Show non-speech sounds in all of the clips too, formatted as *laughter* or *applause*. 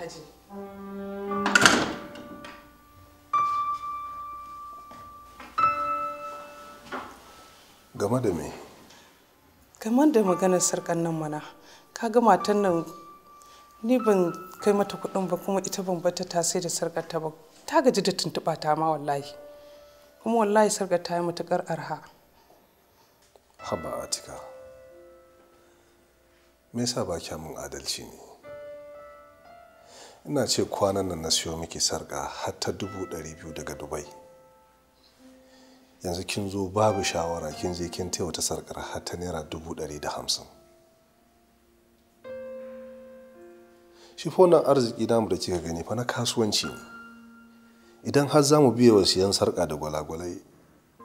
alhaji game da me game da maganar sarkan nan mana ka kaga matan nan ni ban kai mata kuɗin ba kuma ita ban bata ta sai da sarkar ta ba ta gaji da tuntuɓa ta ma wallahi kuma wallahi sarkar ta yi matuƙar arha haba atika me yasa ba kya mun adalci ne ina ce kwanan nan na siyo miki sarƙa har ta dubu ɗari biyu daga dubai yanzu kin zo babu shawara kin je kin taya wata sarƙar har ta naira dubu ɗari da hamsin shi fa wannan arziki namu da kika gani fa na kasuwanci ne idan har za mu biya wa siyan sarka da gwalagwalai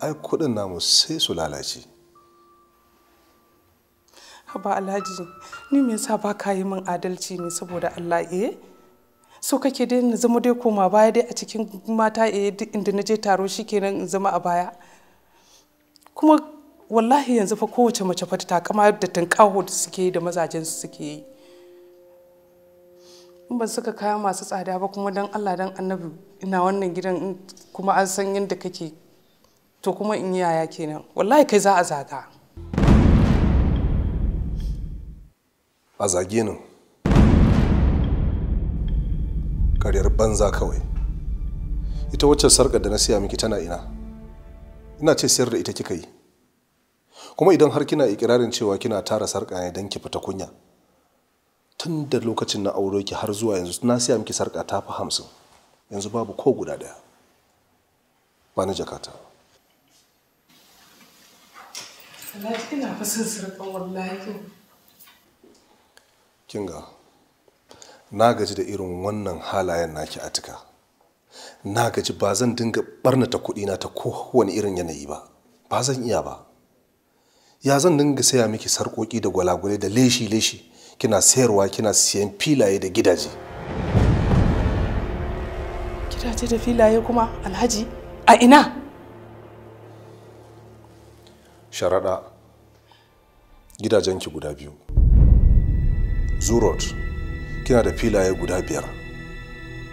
ai kuɗin namu sai su lalace haba alhaji ni me yasa ba ka yi min adalci ne saboda allah eh so kake dai na zama dai koma baya dai a cikin mata eh, inda na je taro shikenan in zama a baya kuma wallahi yanzu fa kowace mace fa ta kama da tankaho da suke da mazajen su suke yi in ban suka kaya masu tsada ba kuma dan Allah dan Annabi ina wannan gidan kuma an san yadda kake to kuma in yaya kenan wallahi kai za a zaga a zage ni karyar banza kawai ita waccan sarƙar da na siya miki tana ina ina ce sayar da ita kika yi kuma idan har kina ikirarin cewa kina tara sarƙa ne don ki fita kunya tun da lokacin na aure ki har zuwa yanzu na siya miki sarƙa ta fi hamsin yanzu babu ko guda ɗaya ba na jakata Salati na gaji da irin wannan halayen naki a tuka na gaji ba zan dinga barnata na ta kowane irin yanayi ba ba zan iya ba ya zan dinga saya miki sarƙoƙi da gwalagwale da leshi-leshi kina sayarwa kina siyan filaye da gidaje gidaje da filaye kuma alhaji a ina sharaɗa gidajenki guda biyu zurot kina da filaye guda biyar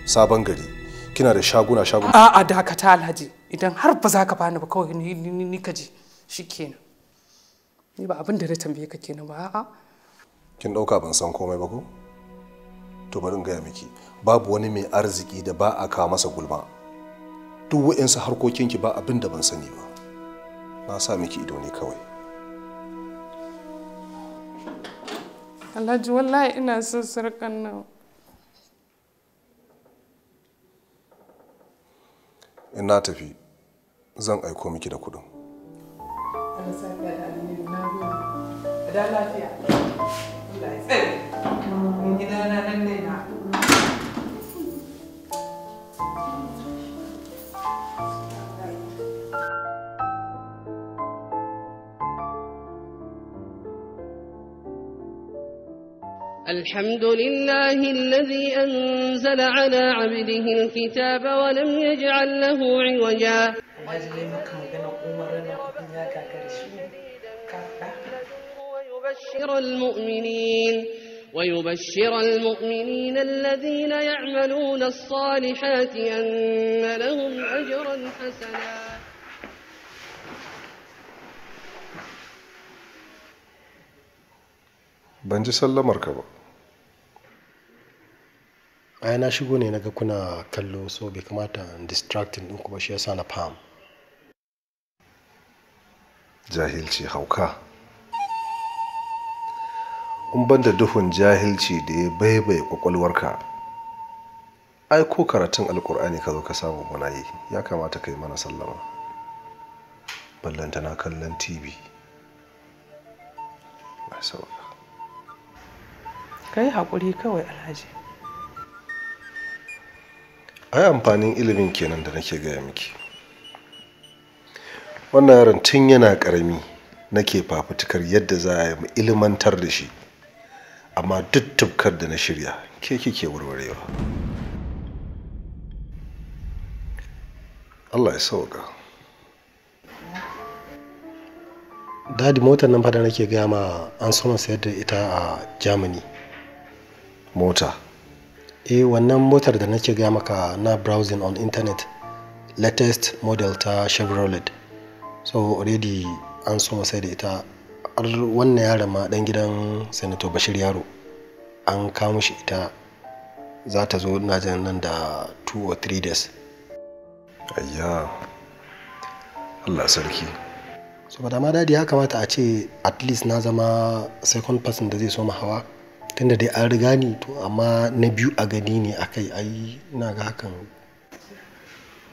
sabon gari kina da shaguna shaguna a'a dakata alhaji idan har ba za ka bani ba kawai ni ka ji shikenan ni ba abin da na tambaye ka kenan ba a'a kin dauka ban san komai ba ko to bari in gaya miki babu wani mai arziki da ba a kawo masa gulma duk wa'insu harkokinki ba abin da ban sani ba na sa miki ido ne kawai alhaji wallahi ina son sarkan nan ina tafi zan aiko miki da kudin da lafiya. Allah ya tsaye. tsare. na nan ne na الحمد لله الذي أنزل على عبده الكتاب ولم يجعل له عوجا ويبشر المؤمنين ويبشر المؤمنين الذين يعملون الصالحات أن لهم أجرا حسنا بنجي سلم مركبه ai na shigo ne naga kuna kallo so bai kamata in distracting ɗinku ba shi yasa na fam jahilci hauka in banda da duhun jahilci da ya baibaye kwakwalwarka ai ko karatun alkur'ani ka zo ka samu muna yi ya kamata ka mana sallama ballanta na kallon tv kai hakuri kawai alhaji ai amfanin ilimin kenan da nake gaya miki wannan yaron tun yana karami nake fafutukar yadda za a yi ilimantar da shi amma duk tubkar da na shirya ke kike warwarewa allah ya sauka dadi motar nan fada nake gaya ma an sama sayar da ita a germany mota Eh wannan motar da nake gaya maka na browsing on internet latest model ta Chevrolet. So already an so sai da ita har wannan yaron ma dan gidan Senator Bashir Yaro an kawo shi ita za ta zo na jan nan da 2 or 3 days. Ayya Allah sarki. So ba da ma dadi ya kamata a ce at least na zama second person da zai so ma hawa. tunda dai an riga ni to amma na biyu a gani ne a kai ai ina ga hakan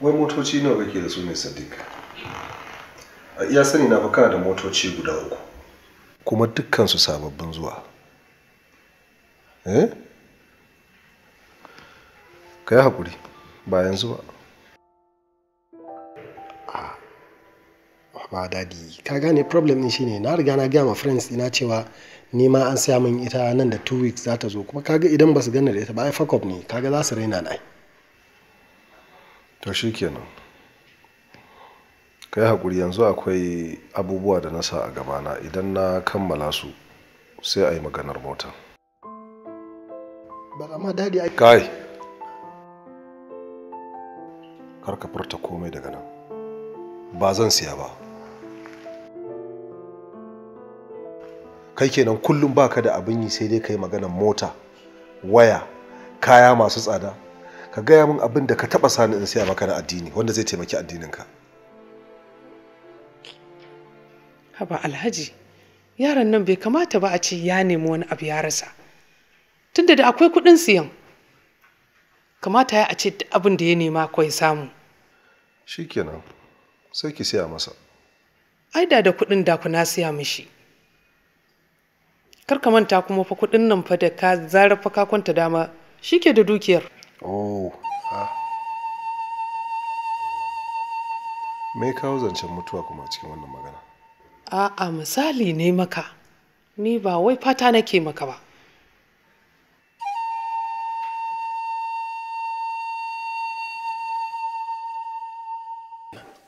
wai motoci nawa kake da su ne sadiq a iya sani na kana da motoci guda uku kuma dukkan su sababbin zuwa eh ka yi ba yanzu ba ah, ba dadi ka gane problem ne shine na riga na gaya ma friends ina cewa ni ma an siya min ita nan da two weeks za ta zo kuma kaga idan ba su gane da ita ba ai up ne kaga za su raina na to shikenan kai hakuri yanzu akwai abubuwa da na sa a gabana idan na kammala su sai a yi maganar mota ba amma dadi ai kai kar furta komai daga nan ba zan siya ba kai kenan kullum baka da abin yi sai dai kai maganar mota waya kaya masu tsada ka gaya min abin da ka taba sani in siya maka na addini wanda zai taimaki addininka haba alhaji yaron nan bai kamata ba a ce ya nemi wani abu ya rasa tunda da akwai kuɗin siyan kamata ya a ce abin da ya nema akwai samu shikenan sai ki siya masa ai da da kuɗin da ku na siya mishi kar ka manta kuma fa kuɗin nan fa da ka zara fa ka kwanta dama shike da dukiyar oh me kawo zancen mutuwa kuma cikin wannan magana a'a misali ne maka ni ba wai fata nake maka ba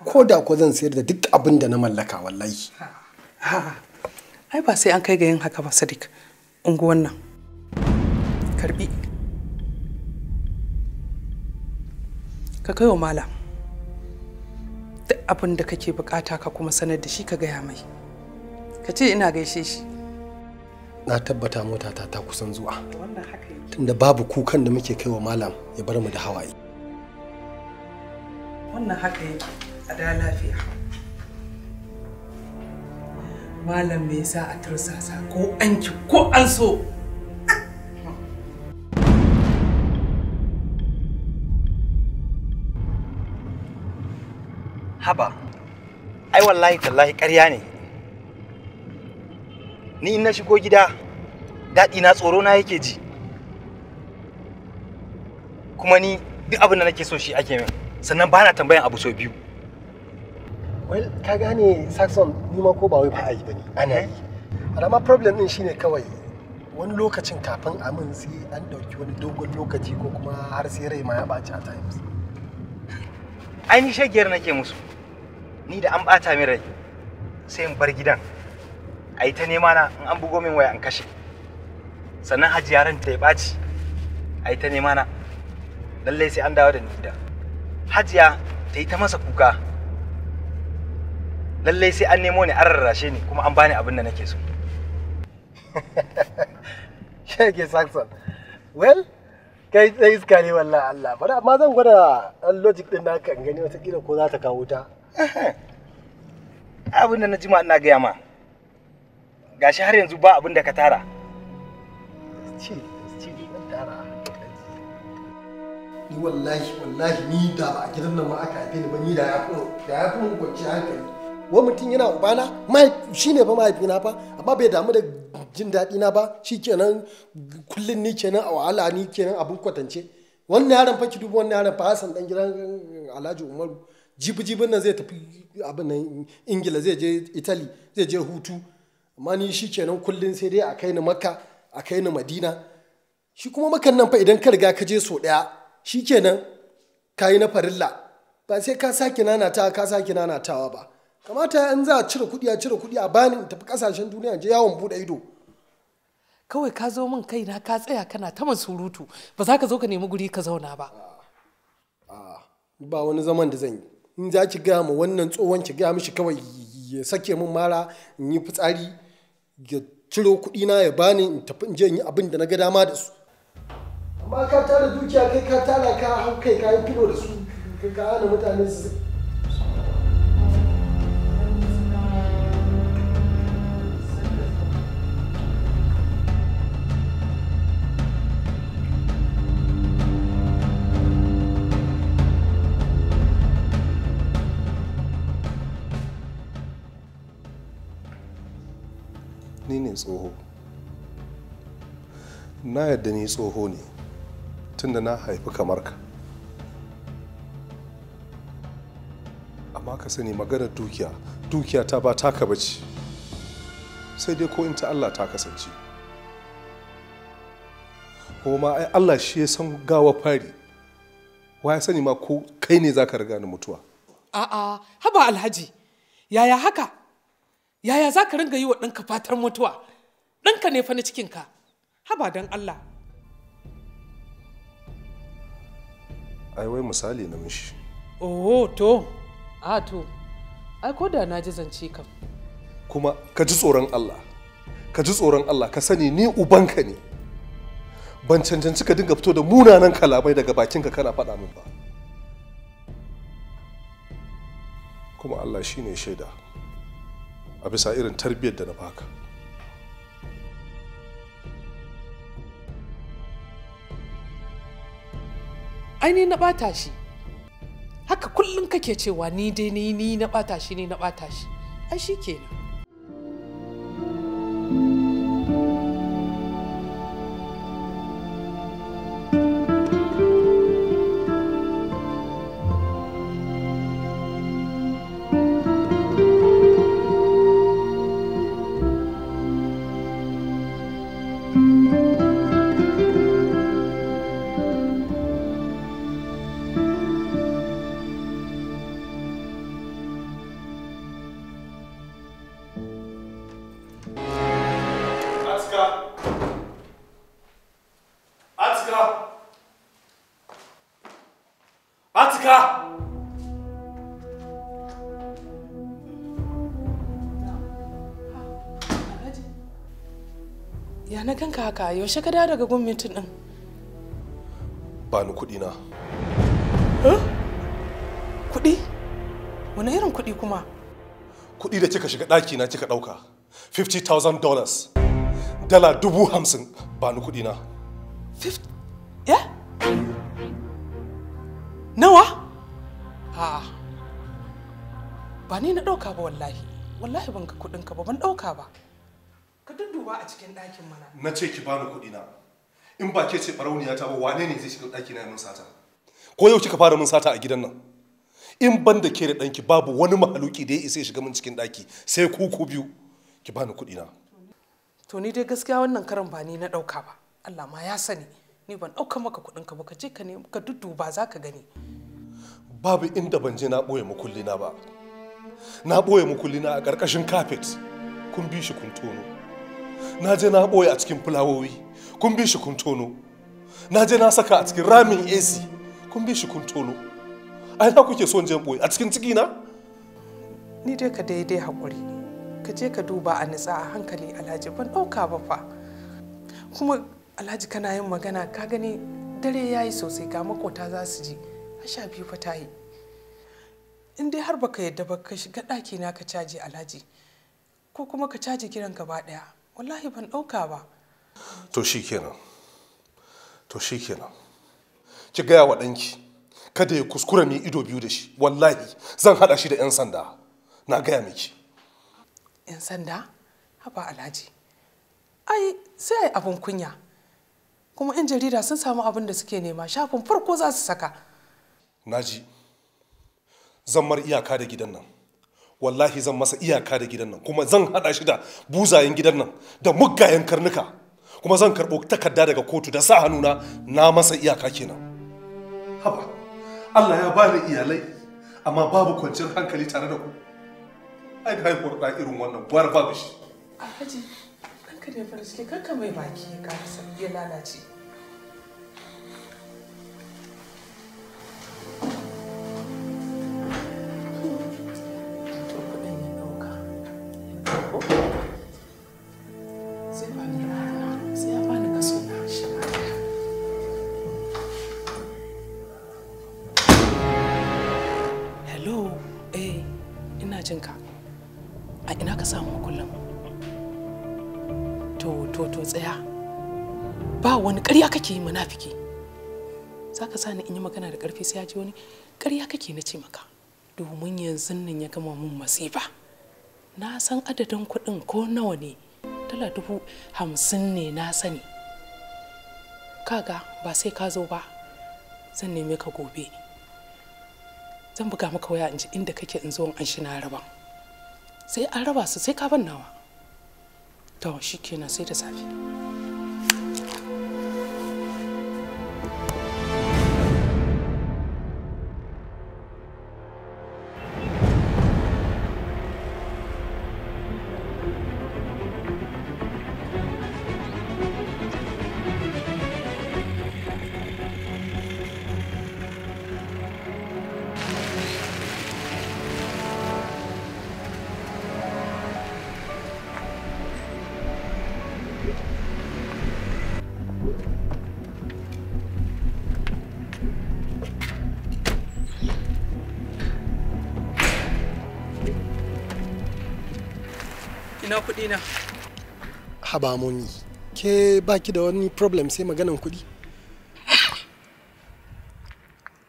ko da ko zan sayar da duk abin da na mallaka wallahi ai ba sai an kai ga yin haka ba sadiq unguwan nan karbi ka kai wa mala duk abin da kake bukata ka kuma sanar da shi ka gaya mai ka ce ina gaishe shi na tabbata motata ta kusan zuwa tunda babu kukan da muke kai wa malam ya bar mu da hawaye wannan haka yake a da lafiya malam me yasa a tursasa ko an ki ko an so haba ai wallahi tallahi ƙarya ne ni in na shigo gida daɗi na tsoro na yake ji kuma ni duk abin da nake so shi ake min sannan ba na tambayan abu sau biyu well ka gane saxon nima ko ba wai ba a yi ne ana yi amma problem din shine kawai wani lokacin kafin amin sai an dauki wani dogon lokaci ko kuma har sai rai ma ya ɓaci a times an shagiyar nake musu ni da an ɓata min rai sai in bar gidan a yi ta nema na in an bugo min waya an kashe sannan hajiya ran ta ya ɓaci a yi ta nema na lallai sai an dawo da ni gida hajiya ta yi ta masa kuka lallai sai an nemo ni an rarrashe ni kuma an bani abin da nake so *laughs* shege saxon well kai sai iska ne wallahi Allah bari amma zan gwada dan logic din naka kan gani kila ko za ta kawo ta abin da na jima ina gaya ma gashi har yanzu ba abin da ka tara ci ni wallahi wallahi ni da ba a gidan nan ma aka haife ni ba ni da ya ko da ya ko kwanci hankali wa mutum yana ubana shi ne fa mahaifina fa amma bai damu da jin daɗi na ba shi kenan kullum ni kenan a wahala ni kenan abin kwatance wannan yaran fa ki dubu wannan yaran fa hasan dan gidan Alhaji Umaru jibi-jibin nan zai tafi abin nan Ingila zai je Italy zai je hutu amma ni shi kenan kullum sai dai a kai ni Makka a kai ni Madina shi kuma makan nan fa idan ka riga ka je so ɗaya shi kenan ka yi na farilla ba sai ka sake nanatawa ka sake nanatawa ba kamata in za a cire kuɗi a cire kuɗi a bani in tafi kasashen duniya je yawon buɗe ido kawai ka zo min kai na ka tsaya kana ta man surutu ba za ka zo ka nemi guri ka zauna ba ba wani zaman da zan yi in za ki gaya ma wannan tsohon ki gaya mishi kawai ya sake min mara in yi fitsari ya ciro kuɗi na ya bani in tafi in je in yi abin da na ga dama da su amma ka tara dukiya kai ka tara ka hau kai ka yi filo da su ka hana mutane su ne tsoho na yadda ni tsoho ne tunda na haifi kamar ka amma ka sani maganar dukiya dukiya ta ba taka bace sai dai ko in ta Allah ta kasance kuma ai Allah shi ya san gawa fari wa ya sani ma ko kai ne zaka riga ni mutuwa a'a haba alhaji yaya haka yaya za ka ringa yi wa ɗanka fatar mutuwa ɗanka ne fa na cikinka haba don allah ai wai misali na mishi oh to a to ai ko da na ji zance kam kuma ka ji tsoron allah ka ji tsoron allah ka sani ni ubanka ne ban cancanci ka dinga fito da munanan kalamai daga bakinka kana faɗa min ba kuma allah shine shaida a bisa irin tarbiyyar da na baka aini na bata shi haka kullum kake cewa ni dai ni na bata shi ni na bata shi ai shi kenan maka haka yaushe ka dawo daga gwamnati din ba ni kuɗi na kuɗi wani irin kuɗi kuma kuɗi da kika shiga ɗaki na kika ɗauka $50,000 dala dubu hamsin ba ni kuɗi na ya nawa ha ba ni na ɗauka ba wallahi wallahi ban ga ka ba ban ɗauka ba ka dudduba a cikin ɗakin mana na ce ki bani kuɗi na in ba ke ce barauniya ta ba wane ne zai shiga ɗaki na min sata ko yau kika fara min sata a gidan nan in ban da ke da ɗanki babu wani mahaluki da ya isa ya shiga min cikin ɗaki sai ku ku biyu ki bani kuɗi na to ni dai gaskiya wannan karan ba ni na ɗauka ba Allah ma ya sani ni ban ɗauka maka kuɗin ka ba ka je ka ne ka dudduba za ka gani babu inda ban je na ɓoye makulli na ba na ɓoye makulli na a ƙarƙashin kafet kun bi shi kun tono na je na ɓoye a cikin fulawowi kun bi shi kun tono na je na saka a cikin ramin ac kun bi shi kun tono ai na kuke son je ɓoye a cikin ciki na ni dai ka daidai haƙuri ka je ka duba a nitsa a hankali alhaji ban ɗauka ba fa kuma alhaji kana yin magana ka gani dare ya yi sosai ga makota za su ji a sha biyu fa ta yi in dai har baka yadda ba ka shiga ɗaki na ka caji alhaji ko kuma ka caji kiran gaba ɗaya wallahi ban ɗauka ba to shi kenan to shi kenan ki gaya wa ɗanki kada ya kuskura mai ido biyu da shi wallahi zan haɗa shi da 'yan sanda na gaya miki 'yan sanda haba alhaji ai sai ai abin kunya kuma 'yan jarida sun samu abin da suke nema shafin farko za su saka naji zan mar iyaka da gidan nan wallahi zan masa iyaka da gidan nan kuma zan hada shi da buzayen gidan nan da muggayen karnuka kuma zan karɓo takarda daga kotu da sa hannuna na masa iyaka kenan haba Allah ya bani iyalai amma babu kwanciyar hankali tare da ku ai ga haihuwar ɗa irin wannan gwar babu shi alhaji kanka da farin kanka mai baki ya karasa ya lalace kai sai ya ji wani ƙarya kake na ce maka domin yanzu nan ya gama mun masifa na san adadin kuɗin ko nawa ne tala dubu hamsin ne na sani kaga ba sai ka zo ba zan neme ka gobe zan buga maka waya in ji inda kake in zo an shi na raba sai an raba su sai ka ban nawa to shikenan sai da safe ina kuɗi na haba muni ke baki da wani problem sai maganan kuɗi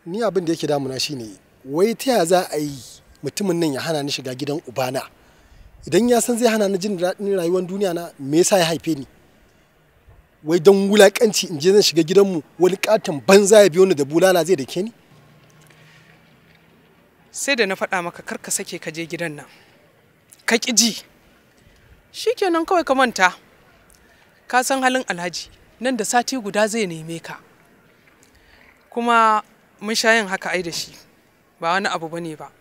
ni abin da yake damuna shine wai ta ya za a yi mutumin nan ya hana ni shiga gidan ubana idan ya san zai hana ni jin daɗin rayuwar duniya na me yasa ya haife ni wai don wulakanci in je zan shiga gidan mu wani katon banza ya biyo ni da bulala zai dake ni sai da na faɗa maka kar ka sake ka je gidan nan ka ƙi ji shikenan kawai ka manta ka san halin alhaji nan da sati guda zai neme ka kuma mun sha yin haka ai da shi ba wani abu bane ba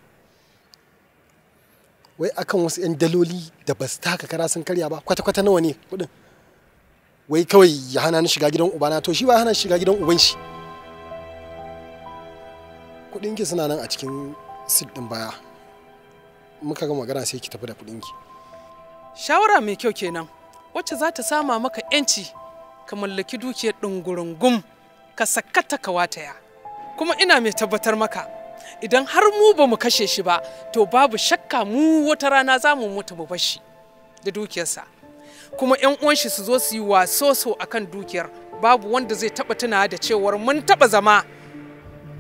wai akan wasu 'yan daloli da ba su taka kara sun karya ba kwata-kwata nawa ne kudin wai kawai ya hana ni shiga gidan ubana to shi ba hana shiga gidan uban shi kudin ki suna nan a cikin sit din baya muka ga magana sai ki tafi da kudin ki shawara mai kyau kenan wacce za ta sama maka 'yanci ka mallaki dukiyar ɗungurungum ka sakata ka wataya kuma ina mai tabbatar maka idan har mu ba mu kashe shi ba to babu shakka mu wata rana za mu mutu mu bashi da dukiyarsa kuma 'yan uwan shi su zo su yi waso so akan dukiyar babu wanda zai taba tuna da cewar mun taba zama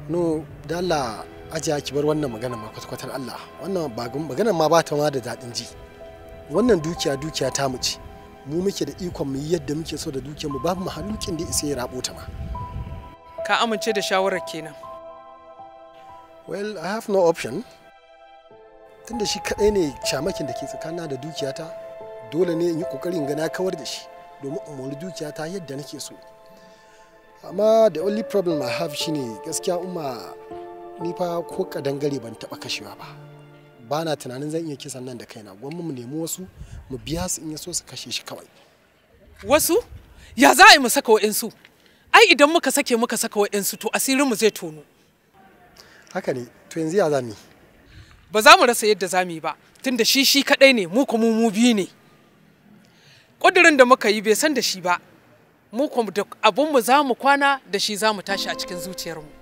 no Allah ajiya ki bar wannan magana ma kwata-kwatar Allah wannan ba magana ma ba ta ma da daɗin ji wannan dukiya dukiya ta mu ce mu muke da ikon mu yadda muke so da dukiyar mu babu mahalukin da isa ya rabo ta ma ka amince da shawarar kenan well i have no option tunda shi kadai ne shamakin da ke tsakanina da dukiyata dole ne in yi kokarin ga na kawar da shi domin in mori dukiyata yadda nake so amma the only problem i have shine gaskiya umma ni fa ko kadangare ban taba kashewa ba ba na tunanin zan iya kisan nan da kaina gwamma mu nemi wasu mu biya su in ya so su kashe shi kawai wasu ya za a yi mu saka wa'insu ai idan muka sake muka saka wa'insu to asirin mu zai tono haka ne to yanzu ya zamu ba za mu rasa yadda zami ba tunda shi shi kadai ne mu kuma mu biyu ne kudirin da muka yi bai san da shi ba mu kuma da abun mu za mu kwana da shi za mu tashi a cikin zuciyarmu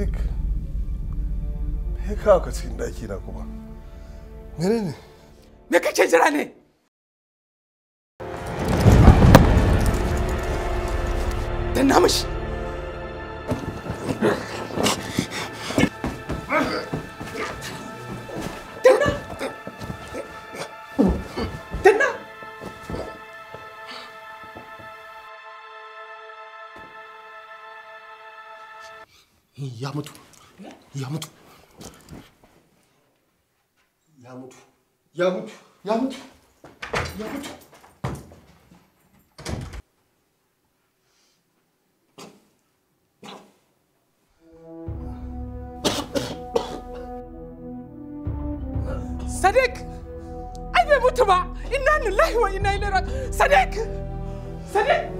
duk me kawo ka cikin daki na kuma? Menene? Me kake jira ne? Dan namishi ya mutu ya mutu ya mutu ya mutu ya mutu ya mutu Sadiq Sadek. Sadik, mutu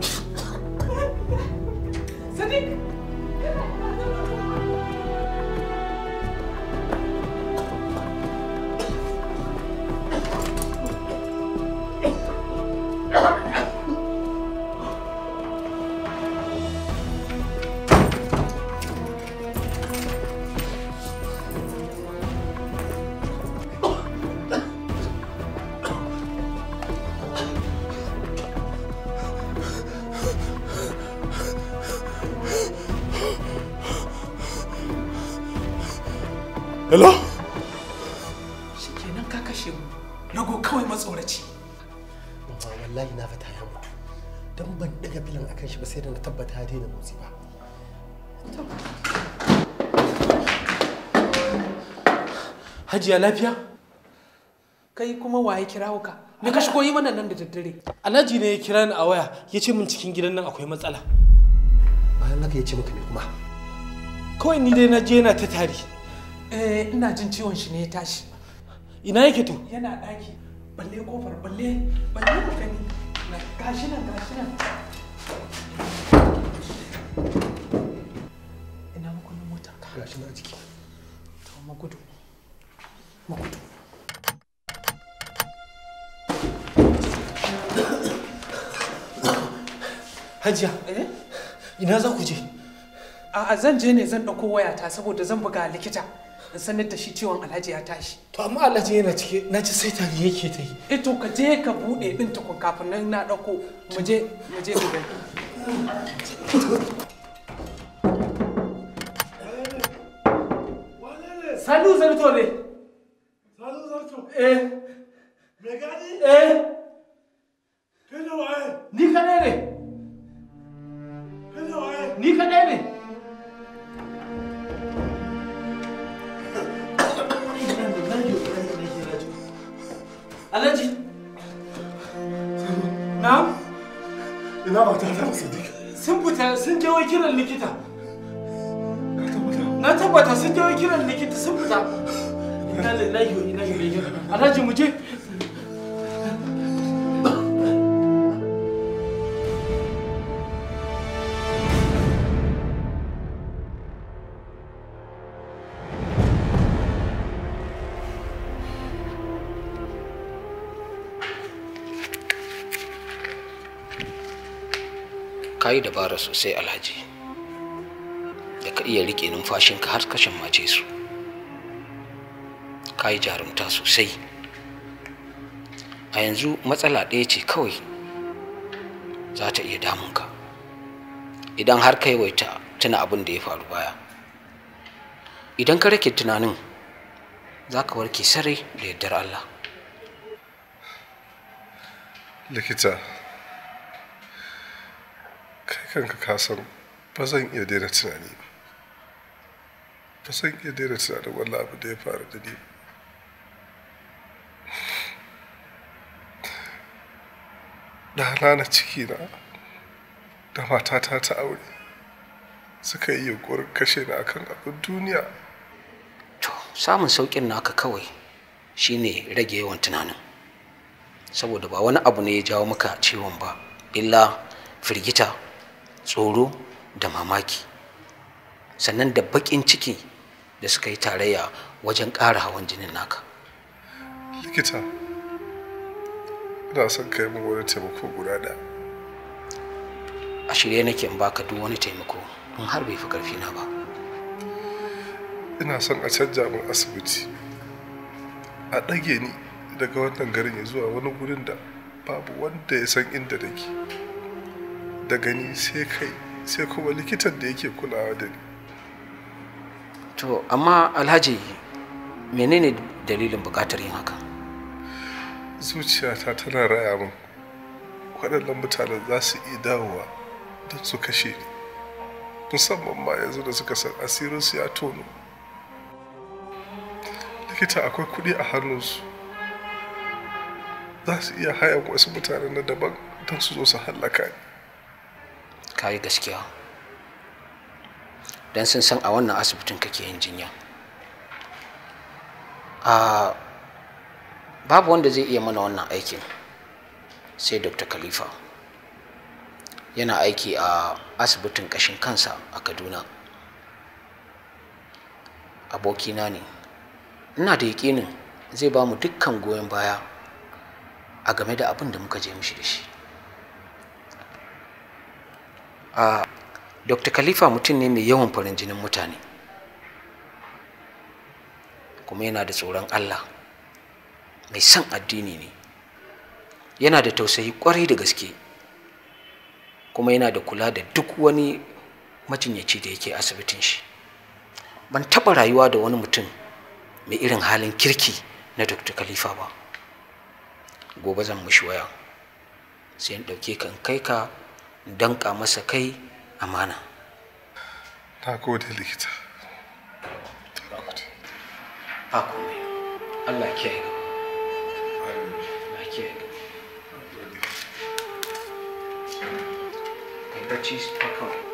Jiya lafiya kai kuma waye kira ka me ka shigo yi mana nan da daddare alhaji ne ya kira ni a waya ya ce min cikin gidan nan akwai matsala bayan naka ya ce maka me kuma kawai ni dai na je yana ta tari eh ina jin ciwon shi ne ya tashi ina yake to yana daki balle kofar balle balle ku gani gashi nan gashi nan ina makullin motar ka gashi nan a ciki to magudu makudu *coughs* hajiya eh? ina za ku je a'a zan je ne zan ɗauko wayata saboda zan buga likita in sanar da shi ciwon alhaji ya tashi to amma alhaji yana cike na ci sai tari yake ta yi eh to ka je ka bude ɗin tukun kafin nan na dauko mu je mu je mu Salut, salut toi, ka zo eh eh ni ka ne kai da ni Alhaji na ina ba ta ta sadiq sun fita sun je wai kiran likita na tabbata sun je wai kiran likita sun fita ina ka yi dabara sosai alhaji da ka iya rike numfashinka har kashin mace su ka yi jarumta sosai a yanzu matsala ɗaya ce kawai za ta iya damunka idan har ka yawaita tuna abin da ya faru baya idan ka rake tunanin za ka warke sarai da yardar Allah likita kai kanka kasan ba zan iya daina tunani ba ba zan iya daina tunanin wannan abu da ya faru da ni ba da halala cikina da matata ta aure suka yi yunkurin kashe na akan abin duniya to samun saukin naka kawai shine rage yawan tunanin saboda ba wani abu ne ya jawo maka ciwon ba illa firgita tsoro da mamaki sannan da baƙin ciki da suka yi tarayya wajen ƙara hawan jinin naka likita ina son kai min wani taimako guda da a shirye nake in baka duk wani taimako in har bai fi karfi na ba ina son a canja min asibiti a ɗage ni daga wannan garin ya zuwa wani gurin da babu wanda ya san inda nake daga ni sai kai sai kuma likitan da yake kulawa da ni to amma alhaji menene dalilin bukatar yin haka zuciyata tana raya min waɗannan mutanen za su iya dawowa don su kashe ni musamman ma yanzu da suka san asirinsu ya tono likita akwai kuɗi a hannunsu za su iya hayan wasu mutanen na daban don su zo su hallaka ni ka yi gaskiya don sun san a wannan asibitin kake yin jinya ah, babu wanda zai iya mana wannan aikin sai dr khalifa yana aiki a asibitin ƙashin kansa a kaduna abokina ne ina da yaƙinin zai ba mu dukkan goyon baya a game da abin da muka je mishi da shi a dr khalifa mutum ne mai yawan farin jinin mutane kuma yana da tsoron allah mai son addini ne yana da tausayi kwarai da gaske kuma yana da kula da duk wani macinyaci da yake asibitin shi ban taɓa rayuwa da wani mutum mai irin halin kirki na dr khalifa ba gobe zan mushi waya sai in ɗauke kan kai ka danka masa kai amana ta gode likita ta allah kiyaye Gdzie? Najbardziej z pokoju.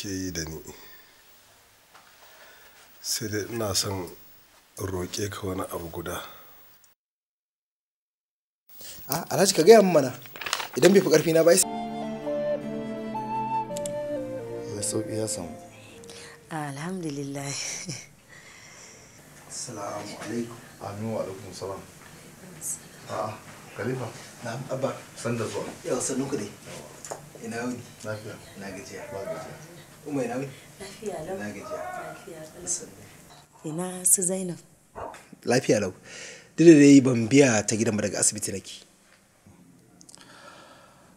ke yi da ni sai dai ina son roƙe ka wani abu guda a alhaji ka gaya mana idan bai fi ƙarfi na ba mai sauƙi ya samu alhamdulillah salamu alaikum amin wa alaikum salam a'a kalifa na abba san da zuwa yau sannun ku dai ina wuni na gajiya Umar Lafiya lau. Na Lafiya lau. Ina su Zainab. Lafiya lau. ban biya ta gidan ba daga asibiti nake.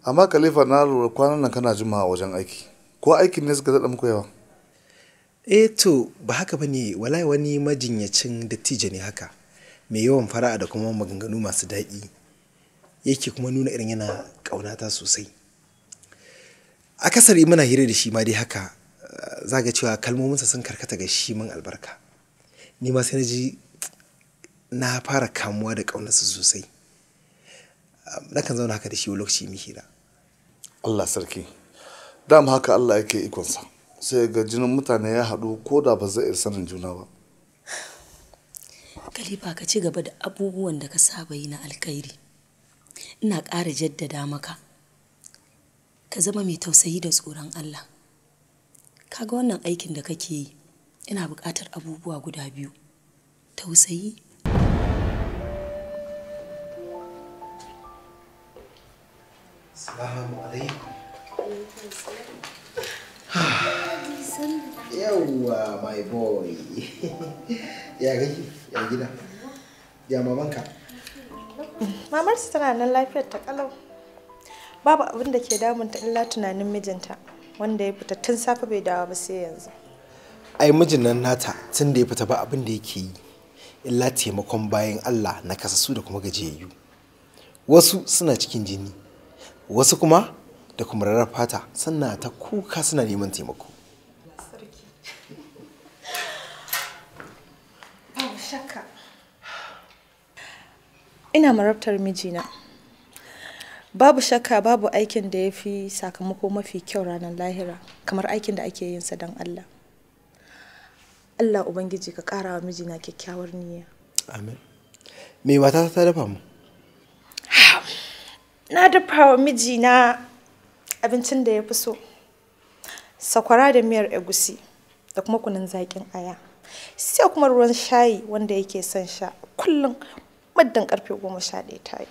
Amma Khalifa na lura kwanan nan kana jimawa wajen aiki. Ko aikin ne suka zaɗa muku yawa? Eh to ba haka ba ne wallahi wani majinyacin dattijo ne haka. Mai yawan fara'a da kuma maganganu masu daɗi. Yake kuma nuna irin yana ƙaunata sosai. akasari muna hira da shi ma dai haka eh, zaga cewa kalmominsa sun karkata ga shi min albarka ni ma sai na ji na fara kamuwa da ƙaunarsa sosai nakan zauna haka da shi lokaci mi hira Allah sarki dama haka Allah yake ikonsa sai ga jinin mutane ya haɗu ko da ba zai sanin juna ba kalifa ka ci gaba da abubuwan da ka saba yi na alkhairi ina ƙara jaddada maka ka zama mai tausayi da tsoron Allah kaga wannan aikin da kake yi ina buƙatar abubuwa guda biyu tausayi Salamu alaikum. Yawwa, my boy. ya gaji, ya gida. Ya mamanka. Mamarsu tana nan lafiyar ta kalau. babu abin da ke ta illa tunanin mijinta wanda ya fita tun safe bai dawo ba sai yanzu ai mijin nan nata tun da ya fita ba abin da yake yi illa taimakon bayan Allah na su da kuma gajiyayyu wasu suna cikin jini wasu kuma da kuma rarar fata sannan ta kuka suna neman taimako ina marabtar mijina babu shakka babu aikin da ya fi sakamako mafi kyau ranar lahira kamar aikin da ake yin sa don Allah Allah ubangiji ka ƙara wa mijina kyakkyawar niyya amin me wata ta dafa mu na dafa wa mijina abincin da ya fi so sakwara da miyar egusi da kuma kunun zaƙin aya sai kuma ruwan shayi wanda yake son sha kullum muddin karfe goma sha ɗaya ta yi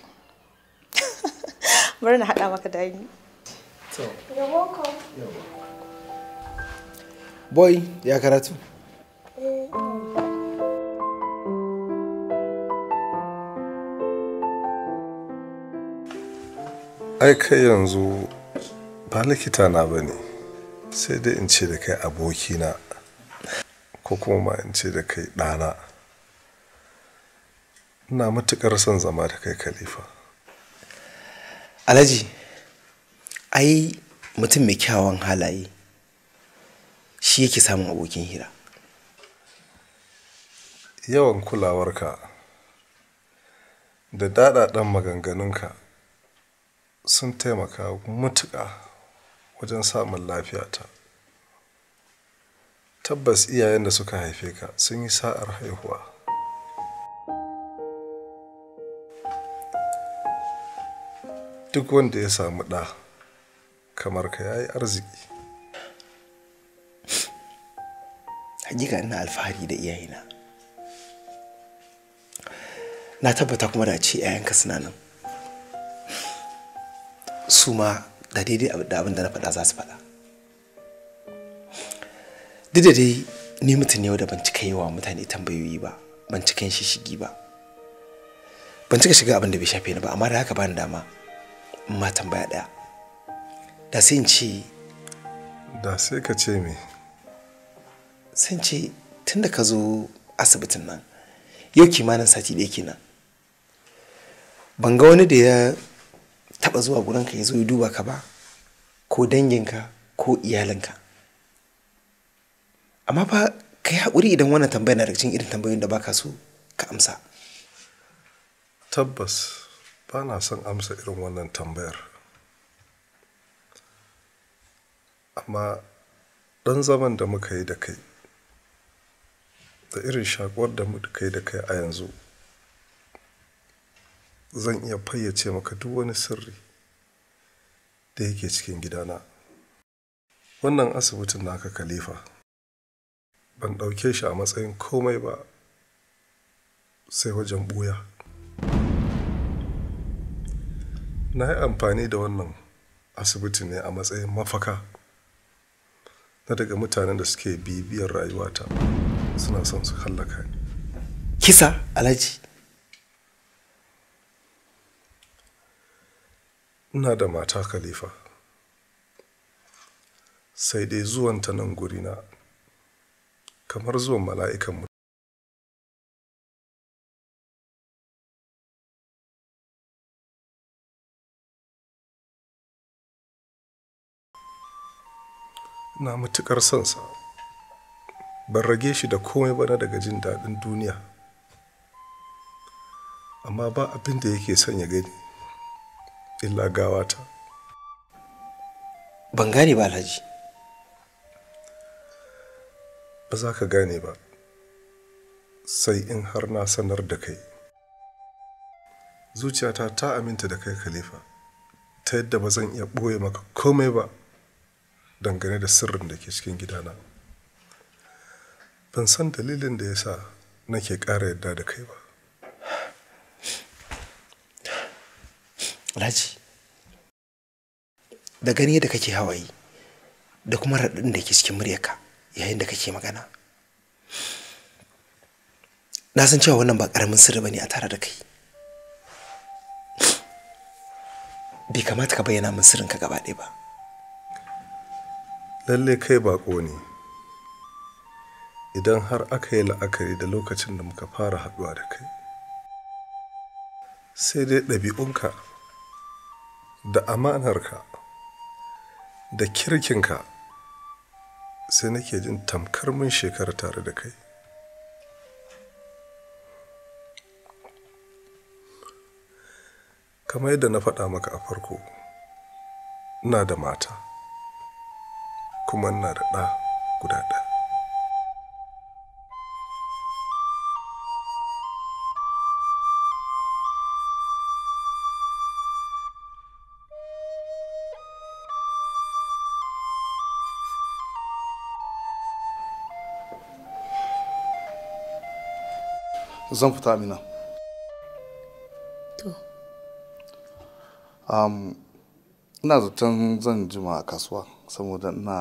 bari na haɗa maka dami to boy ya karatu eh. ai kai yanzu ba likita na ba ne sai dai in ce da kai abokina ko kuma ma in ce da kai ɗana ina matukar son zama da kai khalifa alhaji ai mutum mai kyawun halaye shi yake samun abokin hira yawan kulawarka da daɗaɗan maganganunka sun taimaka mutuƙa wajen samun lafiyata tabbas iyayen da suka haife ka sun yi sa'ar haihuwa duk wanda ya samu ɗa kamar ka ya yi arziki hakika ina alfahari da iyayena na tabbata kuma da ce 'ya'yanka suna nan su ma da daidai abin da na faɗa za su faɗa duk da dai ni mutum ne da ban cika yi wa mutane tambayoyi ba ban cika yin shishigi ba ban cika shiga abin da bai shafe ni ba amma da haka ba ni dama matan baya ɗaya da sai in ce da sai ka ce me sai ce tun ka zo asibitin nan yau kimanin sati ɗaya kenan ban ga wani da ya taɓa zuwa gurin ka ya zo ya duba ka ba ko danginka ko iyalinka amma fa ka yi haƙuri idan wannan tambayar na daga cikin irin tambayoyin da baka so ka amsa tabbas ba na son amsa irin wannan tambayar amma ɗan zaman da muka yi da kai da irin shakuwar da muka yi da kai a yanzu zan iya fayyace maka duk wani sirri da yake cikin gidana wannan asibitin naka khalifa ban ɗauke shi a matsayin komai ba sai wajen ɓuya na yi amfani da wannan asibiti ne a matsayin mafaka na daga mutanen da suke bibiyar rayuwata suna son su hallaka ni kisa alhaji ina da mata khalifa sai dai zuwanta nan gurina kamar zuwan mala'ikan na matuƙar son ban rage shi da komai bana daga jin daɗin duniya amma ba abin da yake son ya gani illa gawata ban gane ba alhaji ba za ka gane ba sai in har na sanar da kai zuciyata ta aminta da kai khalifa ta yadda ba zan iya ɓoye maka komai ba dangane da sirrin da ke cikin gidana ban san dalilin da ya sa nake ƙara yadda da kai ba da gani da kake hawaye da kuma raɗin da ke cikin muryarka yayin da kake magana. Na san cewa wannan ba ƙaramin sirri ba ne a tare da kai. Bai kamata ka bayyana min sirrinka gaba ɗaya ba. lalle kai baƙo ne idan har aka yi la'akari da lokacin da muka fara haɗuwa da kai sai dai ɗabi'unka da amanarka da kirkinka sai nake jin tamkar mun shekara tare da kai kamar yadda na faɗa maka a farko ina da mata kuma na da ɗa guda ɗaya zan fita amina to ina zaton zan jima a kasuwa saboda ina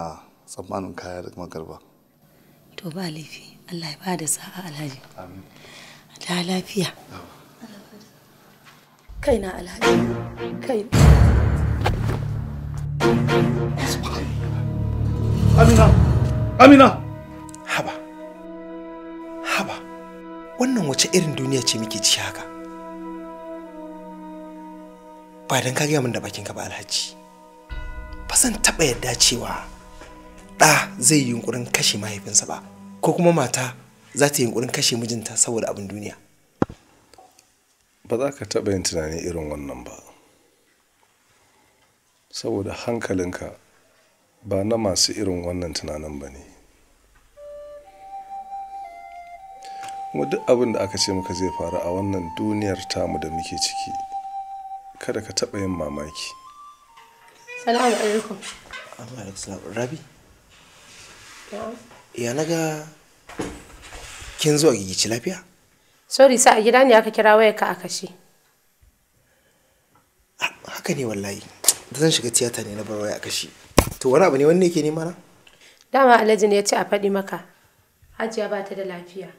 tsammanin kaya da garba to ba laifi allah ya ba da sa'a alhaji amin da lafiya kaina alhaji kai amina amina haba haba wannan wace irin duniya ce muke ci haka ba don ka gaya min da bakinka ba alhaji ba zan taɓa yadda cewa ɗa zai yi yunkurin kashe mahaifinsa ba ko kuma mata za ta yi yunkurin kashe mijinta saboda abin duniya ba za ka taɓa yin tunani irin wannan ba saboda hankalinka ba na masu irin wannan tunanin ba ne kuma duk abin da aka ce maka zai faru a wannan duniyar tamu da muke ciki kada ka taɓa yin mamaki Salamu alaikum. Amma alaikum salam. Rabi? Ya naga kin zuwa gigici lafiya? Sorry sa a gida ne aka kira waya ka a kashe. Haka ne wallahi. Da zan shiga tiyata ne na bar waya aka shi. To wani abu ne wanne yake nema na? Dama Alhaji ne ya ce a faɗi maka. Hajiya ba ta da lafiya.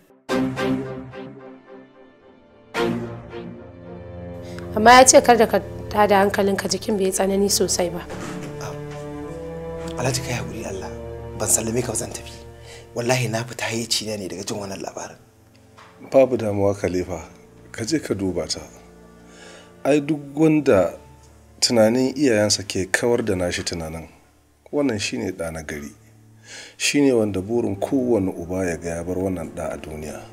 Amma ya ce kar da ka ta da ka jikin bai tsanani sosai ba ah, alhaji kai hakuri allah ban sallame ka zan tafi wallahi na fita ci ne daga jin wannan labarin babu damuwa khalifa ka je ka duba ta ai duk wanda tunanin iyayensa ke kawar da nashi tunanin wannan shine ɗa na gari shine wanda burin kowane uba ya ga bar wannan ɗa a duniya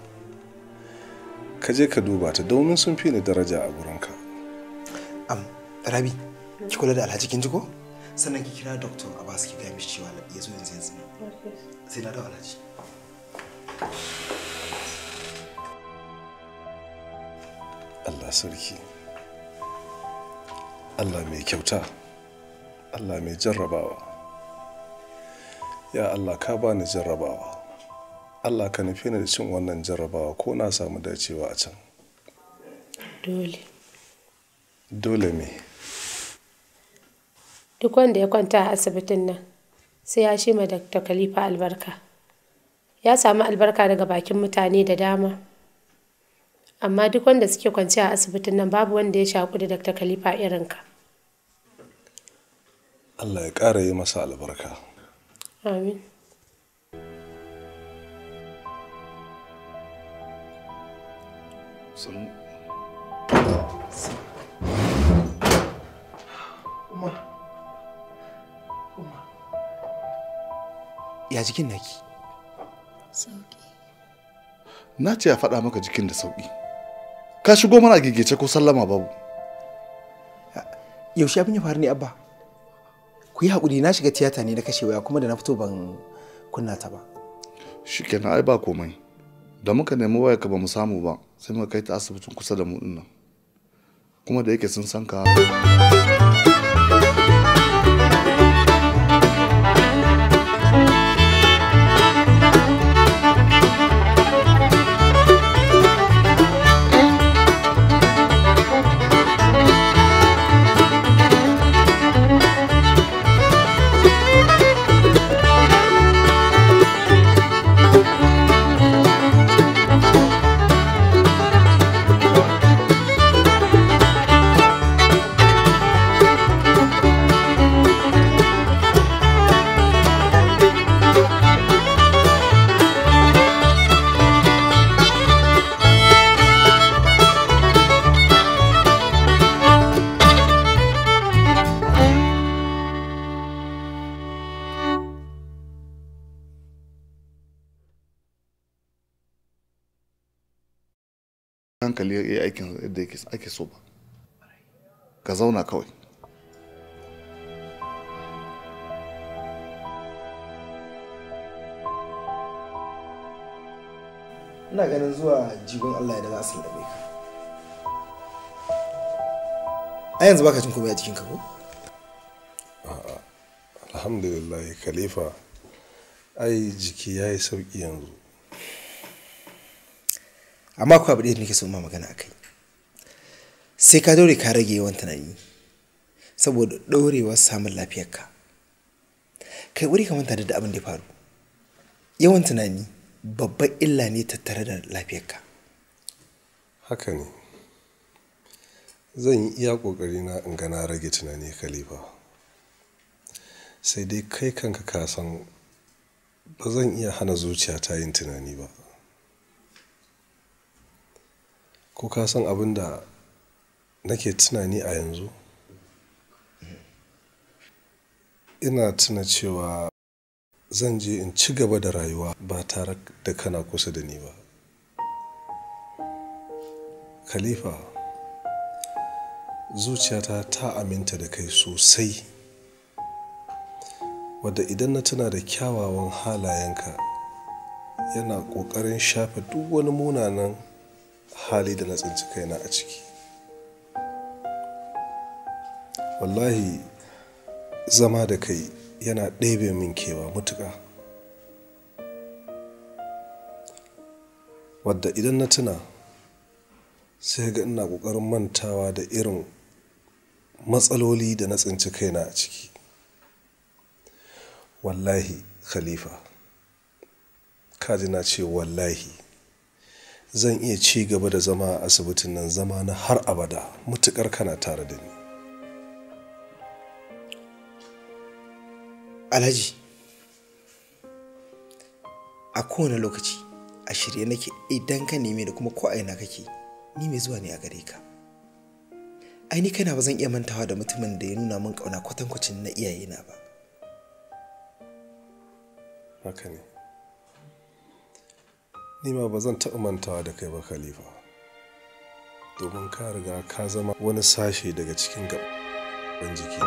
kaje ka duba ta domin sun fi ni daraja a gurinka am rabi ki kula da alhaji kin ji ko sannan ki kira doctor abbas ki gaya mishi cewa ya zo yanzu yanzu sai na da alhaji Allah sarki Allah mai kyauta Allah mai jarrabawa ya Allah ka bani jarrabawa Allah ka nufi ni da cin wannan jarrabawa ko na samu dacewa a can dole dole ne duk wanda ya kwanta a asibitin nan sai ya shi ma dr khalifa albarka ya samu albarka daga bakin mutane da dama amma duk wanda suke kwance a asibitin nan babu wanda ya shaƙu da dr khalifa ka. allah ya ƙara yi masa albarka amin Some... Umma. Umma. Ya jikin naki? Sauki. Na ce a faɗa maka jikin da sauki. Ka shigo mana gegece ko sallama babu. Yaushe abin ya faru ne abba? Ku yi haƙuri na shiga tiyata ne na kashe waya kuma da na fito ban kunna ta ba. Shikenan ai ba komai. Da muka nemi waya ba mu samu ba sai muka kai ta asibitin kusa da mu dinnan. Kuma da yake sun san ka. hankali ya yi aikin yadda ake so ba ka zauna kawai ina ganin zuwa jibin allah ya da za su labe ka a yanzu baka cin komai a cikin ko? a'a alhamdulillah khalifa ai jiki ya yi sauki yanzu amma ku abu ɗaya da nake so ma magana a sai ka dore ka rage yawan tunani saboda ɗorewar samun lafiyarka kai wuri ka manta da abin da ya faru yawan tunani babban illa ne tattare da lafiyarka haka ne zan yi iya ƙoƙari na in na rage tunani kalifa sai dai kai kanka ka san ba zan iya hana zuciya ta yin tunani ba ko ka san abin da nake tunani a yanzu ina tuna cewa zan je in ci gaba da rayuwa ba tare da kana kusa da ni ba khalifa zuciyata ta aminta da kai sosai wadda idan na tuna da kyawawan halayenka yana ƙoƙarin shafe duk wani munanan hali da na tsinci kaina a ciki wallahi zama da kai yana ɗebe min kewa mutuƙa wadda idan na tuna sai ga ina ƙoƙarin mantawa da irin matsaloli da na tsinci kaina a ciki wallahi khalifa kaji na ce wallahi zan iya ci gaba da zama a asibitin nan zama na har abada mutukar kana tare da ni alhaji a kowane lokaci a shirye nake idan ka neme da kuma ko aina kake ni mai zuwa ne a gare ka ai ni ba zan iya mantawa da mutumin da ya nuna min ƙauna kwatankwacin na iyayena ba haka ne nima ba zan taɓa mantawa da kai ba khalifa domin ka riga ka zama wani sashe daga cikin gaban jiki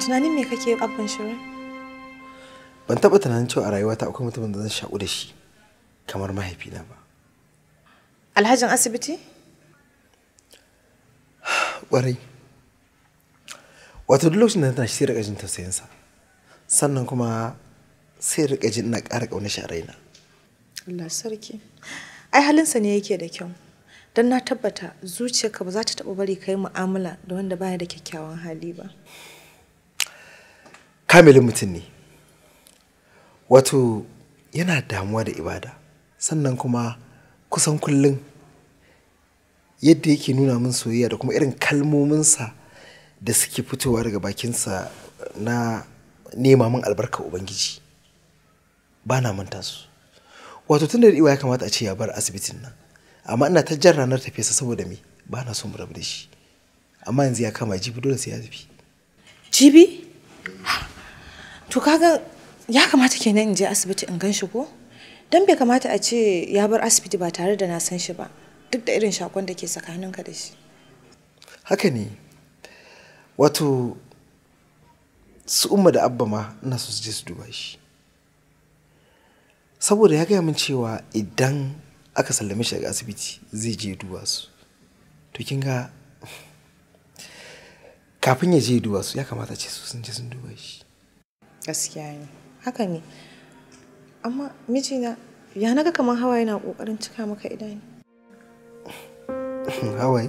tunanin me kake abin shirin ban taɓa tunanin cewa a rayuwata akwai mutumin da zan shaƙu da shi kamar mahaifina ba alhajin asibiti ƙwarai wato duk lokacin da na tashi sai rika jin tausayinsa sannan kuma sai rika jin na ƙara ƙaunar shi a raina Allah sarki ai halinsa ne yake da kyau don na tabbata zuciyarka ba za ta taɓa bari ka yi mu'amala da wanda baya da kyakkyawan hali ba kamilin mutum ne wato yana damuwa da ibada sannan kuma kusan kullum yadda yake nuna min soyayya da kuma irin kalmominsa da suke fitowa daga bakinsa na nema min albarka ubangiji ba na manta su wato tun da iwa ya kamata a ce ya bar asibitin nan amma ina ta jan ranar tafesa saboda me ba na son rabu da shi amma yanzu ya kama jibi dole sai ya tafi jibi to kaga ya kamata kenan in je asibiti in gan ko dan bai kamata a ce ya bar asibiti ba tare da na san shi ba duk da irin shakon da ke tsakaninka da shi haka ne wato su umma da abba ma ina su je su duba shi saboda ya gaya min cewa idan aka sallame shi daga asibiti zai je duba su to kin ga kafin ya je duba su ya kamata ce su sun je sun duba shi gaskiya ne haka ne amma mijina ya naga kamar hawaye na kokarin cika maka idani *laughs* hawaye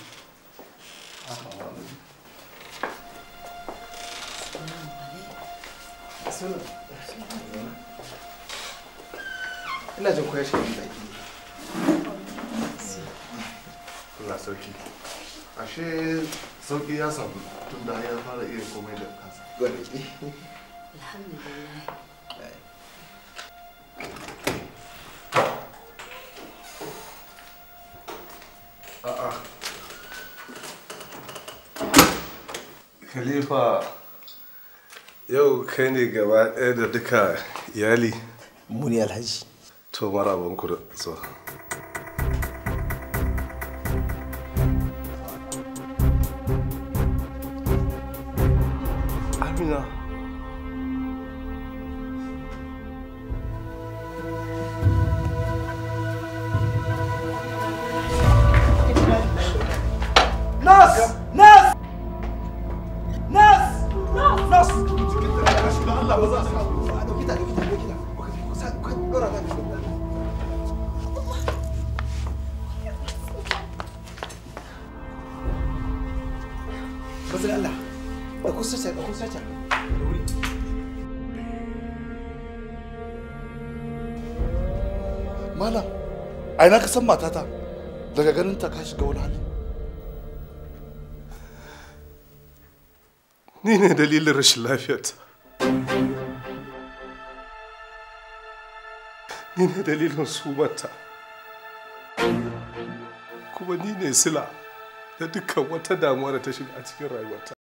ina jin koyar shi baki Allah sauki ashe sauki ya samu tun da ya fara iya komai da kansa alhamdulillah kai ne gaba ɗaya da duka iyali? Muni alhaji. To marabanku da tsohon Bazir Allah, a ina ka san matata daga ganin ta ka shiga wani hali. Ni ne dalilin rashin lafiyarta. Ni ne dalilin sumarta. Kuma ni ne sila. da dukkan wata damuwa da ta shiga a cikin rayuwarta